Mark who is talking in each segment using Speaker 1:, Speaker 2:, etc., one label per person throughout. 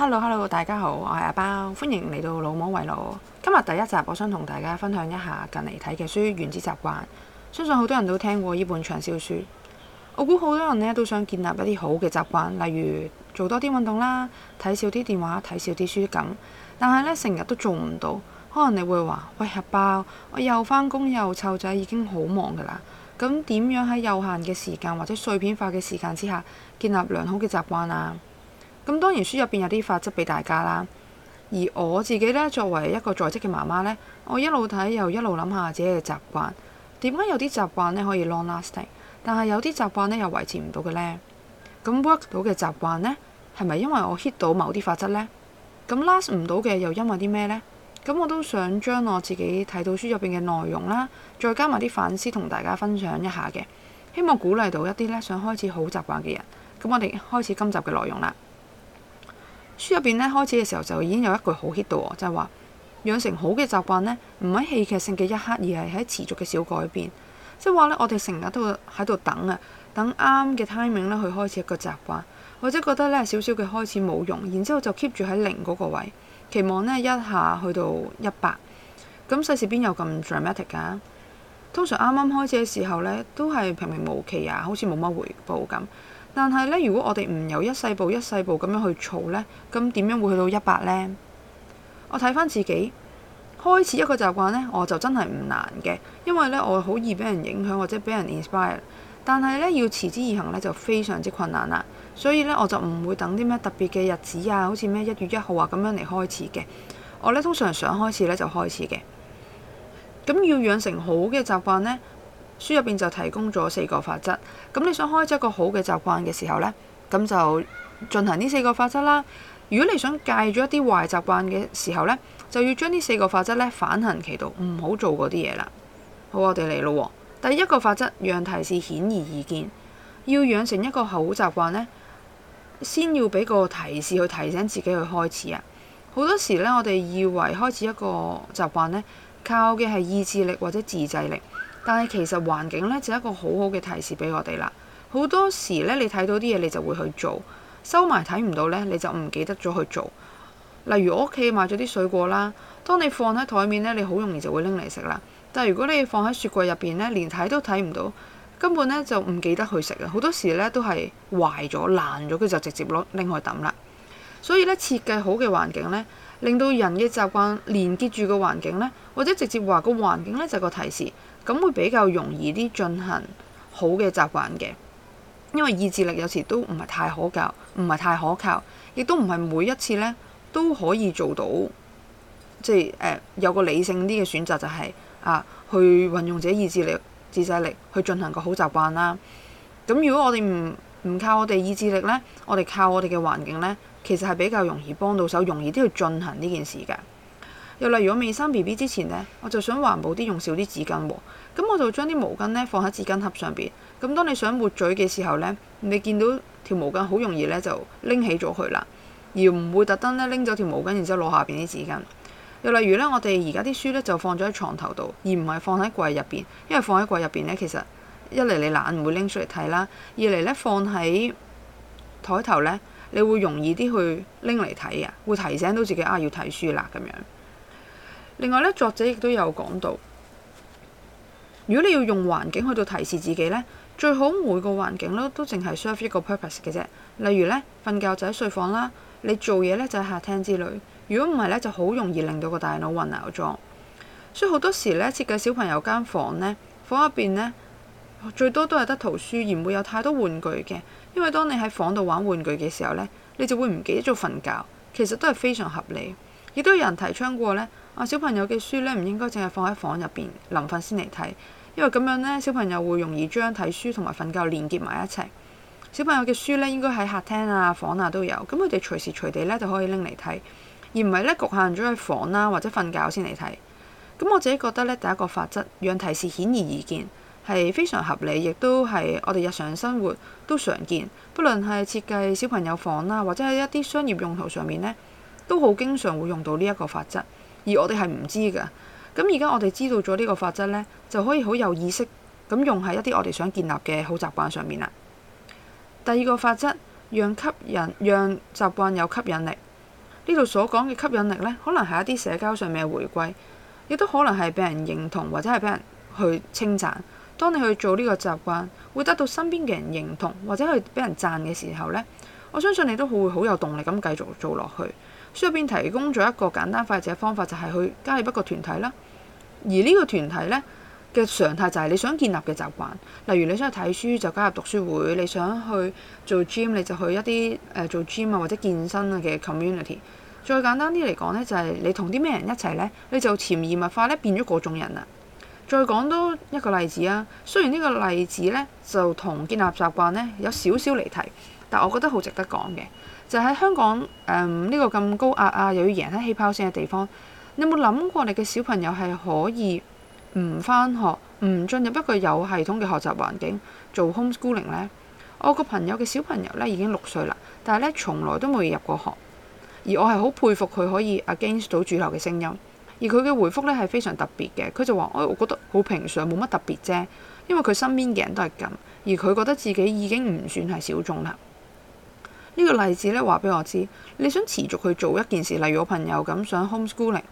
Speaker 1: Hello，Hello，hello, 大家好，我係阿包，歡迎嚟到老母為牢。今日第一集，我想同大家分享一下近嚟睇嘅書《原子習慣》。相信好多人都聽過呢本暢銷書。我估好多人呢都想建立一啲好嘅習慣，例如做多啲運動啦，睇少啲電話，睇少啲書咁。但係呢，成日都做唔到，可能你會話喂，阿包，我又返工又湊仔，已經好忙噶啦。咁點樣喺有限嘅時間或者碎片化嘅時間之下建立良好嘅習慣啊？咁當然書入邊有啲法則俾大家啦。而我自己咧，作為一個在職嘅媽媽咧，我一路睇又一路諗下自己嘅習慣，點解有啲習慣咧可以 long-lasting，但係有啲習慣咧又維持唔到嘅咧。咁 work 到嘅習慣咧，係咪因為我 hit 到某啲法則咧？咁 last 唔到嘅又因為啲咩咧？咁我都想將我自己睇到書入邊嘅內容啦，再加埋啲反思，同大家分享一下嘅，希望鼓勵到一啲咧想開始好習慣嘅人。咁我哋開始今集嘅內容啦。書入邊咧，開始嘅時候就已經有一句好 hit 到，即係話養成好嘅習慣呢，唔係戲劇性嘅一刻，而係喺持續嘅小改變。即係話呢，我哋成日都喺度等啊，等啱嘅 timing 咧去開始一個習慣，或者覺得呢少少嘅開始冇用，然之後就 keep 住喺零嗰個位，期望呢一下去到一百。咁世事邊有咁 dramatic 㗎啊？通常啱啱開始嘅時候呢，都係平平無奇啊，好似冇乜回報咁。但係咧，如果我哋唔由一細步一細步咁樣去儲呢，咁點樣會去到一百呢？我睇翻自己，開始一個習慣呢，我就真係唔難嘅，因為呢，我好易俾人影響或者俾人 inspire。但係呢，要持之以恒呢，就非常之困難啦。所以呢，我就唔會等啲咩特別嘅日子啊，好似咩一月一號啊咁樣嚟開始嘅。我呢，通常想開始呢，就開始嘅。咁要養成好嘅習慣呢。書入邊就提供咗四個法則。咁你想開一個好嘅習慣嘅時候呢，咁就進行呢四個法則啦。如果你想戒咗一啲壞習慣嘅時候呢，就要將呢四個法則呢反行其道，唔好做嗰啲嘢啦。好，我哋嚟咯。第一個法則，讓提示顯而易見。要養成一個好習慣呢，先要俾個提示去提醒自己去開始啊。好多時呢，我哋以為開始一個習慣呢，靠嘅係意志力或者自制力。但係其實環境咧就係一個好好嘅提示俾我哋啦。好多時咧，你睇到啲嘢，你就會去做，收埋睇唔到咧，你就唔記得咗去做。例如我屋企買咗啲水果啦，當你放喺台面咧，你好容易就會拎嚟食啦。但係如果你放喺雪櫃入邊咧，連睇都睇唔到，根本咧就唔記得去食啊。好多時咧都係壞咗、爛咗，佢就直接攞拎去抌啦。所以咧設計好嘅環境咧。令到人嘅習慣連結住個環境呢，或者直接話個環境呢，就係個提示，咁會比較容易啲進行好嘅習慣嘅。因為意志力有時都唔係太可教，唔係太可靠，亦都唔係每一次呢都可以做到，即係呃有個理性啲嘅選擇就係啊，去運用自己意志力、自制力去進行個好習慣啦。咁如果我哋唔唔靠我哋意志力呢，我哋靠我哋嘅環境呢，其實係比較容易幫到手，容易都要進行呢件事㗎。又例如我未生 BB 之前呢，我就想環保啲，用少啲紙巾，哦。咁我就將啲毛巾呢放喺紙巾盒上邊。咁當你想抹嘴嘅時候呢，你見到條毛巾好容易呢就拎起咗佢啦，而唔會特登呢拎走條毛巾，然之後攞下邊啲紙巾。又例如呢，我哋而家啲書呢就放咗喺床頭度，而唔係放喺櫃入邊，因為放喺櫃入邊呢，其實一嚟你懶唔會拎出嚟睇啦，二嚟呢放喺台頭呢。你會容易啲去拎嚟睇啊，會提醒到自己啊要睇書啦咁樣。另外呢，作者亦都有講到，如果你要用環境去到提示自己呢，最好每個環境呢都淨係 serve 一個 purpose 嘅啫。例如呢，瞓覺就喺睡房啦，你做嘢呢就喺客廳之類。如果唔係呢，就好容易令到個大腦混淆咗。所以好多時呢，設計小朋友間房呢，房入邊呢。最多都係得圖書，而唔會有太多玩具嘅，因為當你喺房度玩玩具嘅時候呢，你就會唔記得做瞓覺，其實都係非常合理。亦都有人提倡過呢：「啊小朋友嘅書呢，唔應該淨係放喺房入邊，臨瞓先嚟睇，因為咁樣呢，小朋友會容易將睇書同埋瞓覺連結埋一齊。小朋友嘅書呢，應該喺客廳啊、房啊都有，咁佢哋隨時隨地呢就可以拎嚟睇，而唔係呢局限咗喺房啦、啊、或者瞓覺先嚟睇。」咁我自己覺得呢，第一個法則讓提示顯而易見。係非常合理，亦都係我哋日常生活都常見。不論係設計小朋友房啦、啊，或者係一啲商業用途上面呢，都好經常會用到呢一個法則。而我哋係唔知㗎。咁而家我哋知道咗呢個法則呢，就可以好有意識咁用喺一啲我哋想建立嘅好習慣上面啦。第二個法則，讓吸引、讓習慣有吸引力。呢度所講嘅吸引力呢，可能係一啲社交上面嘅回歸，亦都可能係畀人認同，或者係畀人去稱讚。當你去做呢個習慣，會得到身邊嘅人認同，或者去俾人讚嘅時候呢，我相信你都會好有動力咁繼續做落去。書入邊提供咗一個簡單快捷嘅方法，就係去加入一個團體啦。而呢個團體呢嘅常態就係你想建立嘅習慣，例如你想去睇書就加入讀書會，你想去做 gym 你就去一啲誒做 gym 啊或者健身啊嘅 community。再簡單啲嚟講呢，就係你同啲咩人一齊呢，你就潛移默化咧變咗嗰種人啦。再講多一個例子啊，雖然呢個例子呢，就同建立習慣呢，有少少離題，但我覺得好值得講嘅，就喺香港誒呢個咁高壓啊，又要贏喺起跑線嘅地方，你有冇諗過你嘅小朋友係可以唔翻學，唔進入一個有系統嘅學習環境做 homeschooling 呢？我個朋友嘅小朋友呢，已經六歲啦，但係呢，從來都冇入過學，而我係好佩服佢可以 against 到主流嘅聲音。而佢嘅回覆咧係非常特別嘅，佢就話：我、哎、我覺得好平常，冇乜特別啫。因為佢身邊嘅人都係咁，而佢覺得自己已經唔算係小眾啦。呢、這個例子咧話俾我知，你想持續去做一件事，例如我朋友咁想 homeschooling，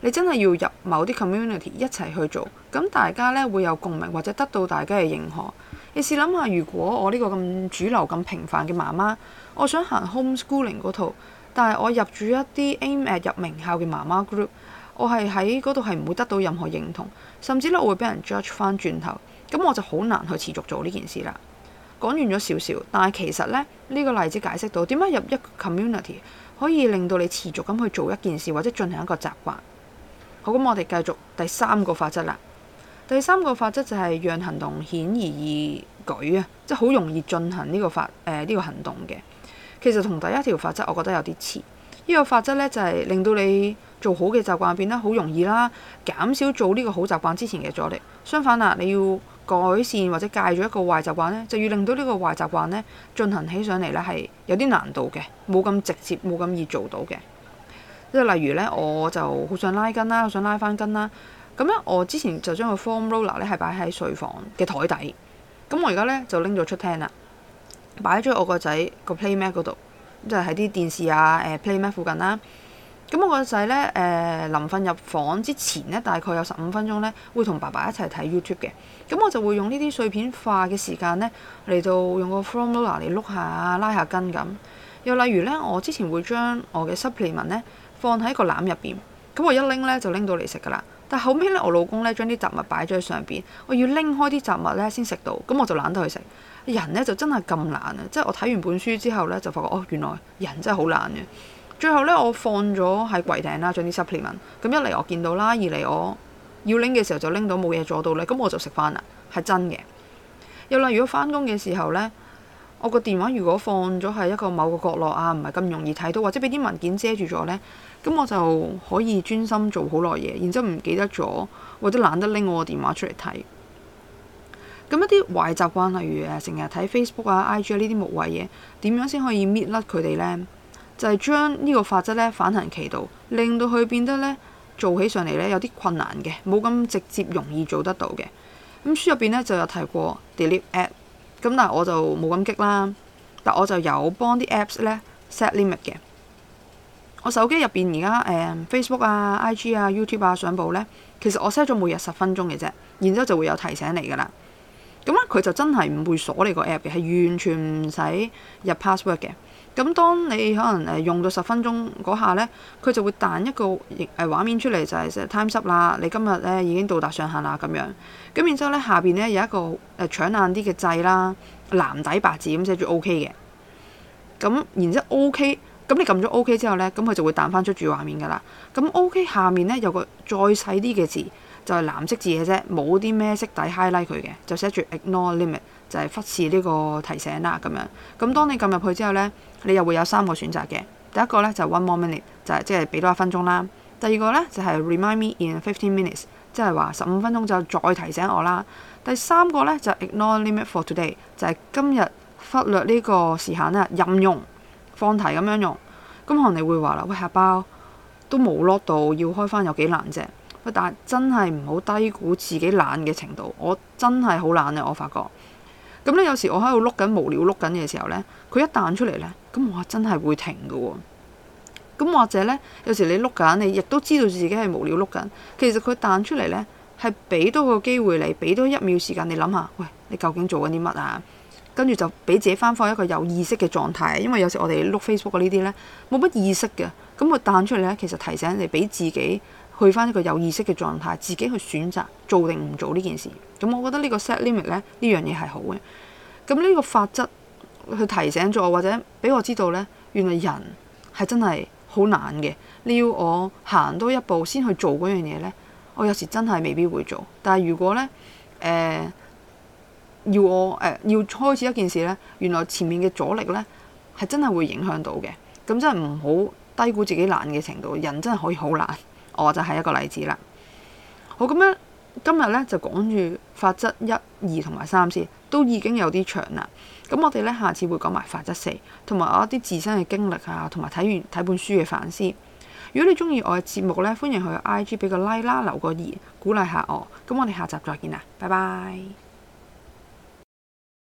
Speaker 1: 你真係要入某啲 community 一齊去做，咁大家咧會有共鳴或者得到大家嘅認可。你試諗下，如果我呢個咁主流咁平凡嘅媽媽，我想行 homeschooling 嗰套，但係我入住一啲 aim at 入名校嘅媽媽 group。我係喺嗰度係唔會得到任何認同，甚至咧我會俾人 judge 翻轉頭，咁我就好難去持續做呢件事啦。講完咗少少，但係其實咧呢個例子解釋到點解入一個 community 可以令到你持續咁去做一件事或者進行一個習慣。好，咁我哋繼續第三個法則啦。第三個法則就係讓行動顯而易舉啊，即係好容易進行呢個法誒呢個行動嘅。其實同第一條法則我覺得有啲似。呢個法則呢，就係令到你做好嘅習慣變得好容易啦，減少做呢個好習慣之前嘅阻力。相反啊，你要改善或者戒咗一個壞習慣咧，就要令到呢個壞習慣咧進行起上嚟咧係有啲難度嘅，冇咁直接，冇咁易做到嘅。即係例如咧，我就好想拉筋啦，我想拉翻筋啦。咁咧，我之前就將個 form roller 咧係擺喺睡房嘅台底，咁我而家咧就拎咗出廳啦，擺咗我個仔個 play mat 嗰度，咁就喺、係、啲電視啊、誒、欸、play mat 附近啦、啊。咁我個仔咧，誒、呃、臨瞓入房之前咧，大概有十五分鐘咧，會同爸爸一齊睇 YouTube 嘅。咁我就會用呢啲碎片化嘅時間咧，嚟到用個 Formula 嚟碌下、拉下筋咁。又例如咧，我之前會將我嘅 supplement 咧放喺個籃入邊，咁我一拎咧就拎到嚟食噶啦。但後尾咧，我老公咧將啲雜物擺咗喺上邊，我要拎開啲雜物咧先食到，咁我就懶得去食。人咧就真係咁懶啊！即、就、係、是、我睇完本書之後咧，就發覺哦，原來人真係好懶嘅。最後咧，我放咗喺櫃頂啦，將啲 supplement。咁一嚟我見到啦，二嚟我要拎嘅時候就拎到，冇嘢阻到咧，咁我就食翻啦，係真嘅。又例如，我翻工嘅時候咧，我個電話如果放咗喺一個某個角落啊，唔係咁容易睇到，或者俾啲文件遮住咗咧，咁我就可以專心做好耐嘢，然之後唔記得咗或者懶得拎我個電話出嚟睇。咁一啲壞習慣，例如誒成日睇 Facebook 啊、IG 啊呢啲無謂嘢，點樣先可以搣甩佢哋咧？就係將呢個法則咧反行其道，令到佢變得咧做起上嚟咧有啲困難嘅，冇咁直接容易做得到嘅。咁書入邊咧就有提過 delete app，咁但係我就冇咁激啦，但我就有幫啲 apps 咧 set limit 嘅。我手機入邊而家誒 Facebook 啊、IG 啊、YouTube 啊上報咧，其實我 set 咗每日十分鐘嘅啫，然之後就會有提醒你噶啦。咁咧佢就真係唔會鎖你個 app 嘅，係完全唔使入 password 嘅。咁當你可能誒用到十分鐘嗰下咧，佢就會彈一個誒畫面出嚟，就係 time up 啦。你今日咧已經到達上限啦，咁樣。咁然之後咧，下邊咧有一個誒搶眼啲嘅掣啦，藍底白字咁寫住 OK 嘅。咁然之後 OK，咁你撳咗 OK 之後咧，咁佢就會彈翻出主畫面噶啦。咁 OK 下面咧有個再細啲嘅字，就係藍色字嘅啫，冇啲咩色底 highlight 佢嘅，就寫住 ignore limit。就係忽視呢個提醒啦，咁樣咁。當你撳入去之後呢，你又會有三個選擇嘅。第一個呢，就 one more minute，就係即係俾多一分鐘啦。第二個呢，就係 remind me in fifteen minutes，即係話十五分鐘之後再提醒我啦。第三個呢，就 ignore limit for today，就係今日忽略呢個時限呢，任用放題咁樣用。咁可能你會話啦，喂，下包都冇落到，要開翻有幾難啫。但係真係唔好低估自己懶嘅程度。我真係好懶啊！我發覺。咁咧、嗯，有時我喺度碌緊無聊碌緊嘅時候咧，佢一彈出嚟咧，咁我真係會停噶喎。咁、嗯、或者咧，有時你碌緊，你亦都知道自己係無聊碌緊。其實佢彈出嚟咧，係俾多個機會你，俾多一秒時間你諗下，喂，你究竟做緊啲乜啊？跟住就俾自己翻返一個有意識嘅狀態。因為有時我哋碌 Facebook 呢啲咧，冇乜意識嘅，咁佢彈出嚟咧，其實提醒你俾自己。去返一個有意識嘅狀態，自己去選擇做定唔做呢件事。咁我覺得呢個 set limit 咧呢樣嘢係好嘅。咁呢個法則去提醒咗我或者俾我知道呢，原來人係真係好懶嘅。你要我行多一步先去做嗰樣嘢呢，我有時真係未必會做。但係如果呢，誒、呃、要我誒、呃、要開始一件事呢，原來前面嘅阻力呢係真係會影響到嘅。咁真係唔好低估自己懶嘅程度，人真係可以好懶。我就係一個例子啦。好咁樣，今日咧就講住法則一、二同埋三先，都已經有啲長啦。咁我哋咧下次會講埋法則四，同埋我一啲自身嘅經歷啊，同埋睇完睇本書嘅反思。如果你中意我嘅節目咧，歡迎去 I G 俾個 like 啦，留個言鼓勵下我。咁我哋下集再見啊，拜拜。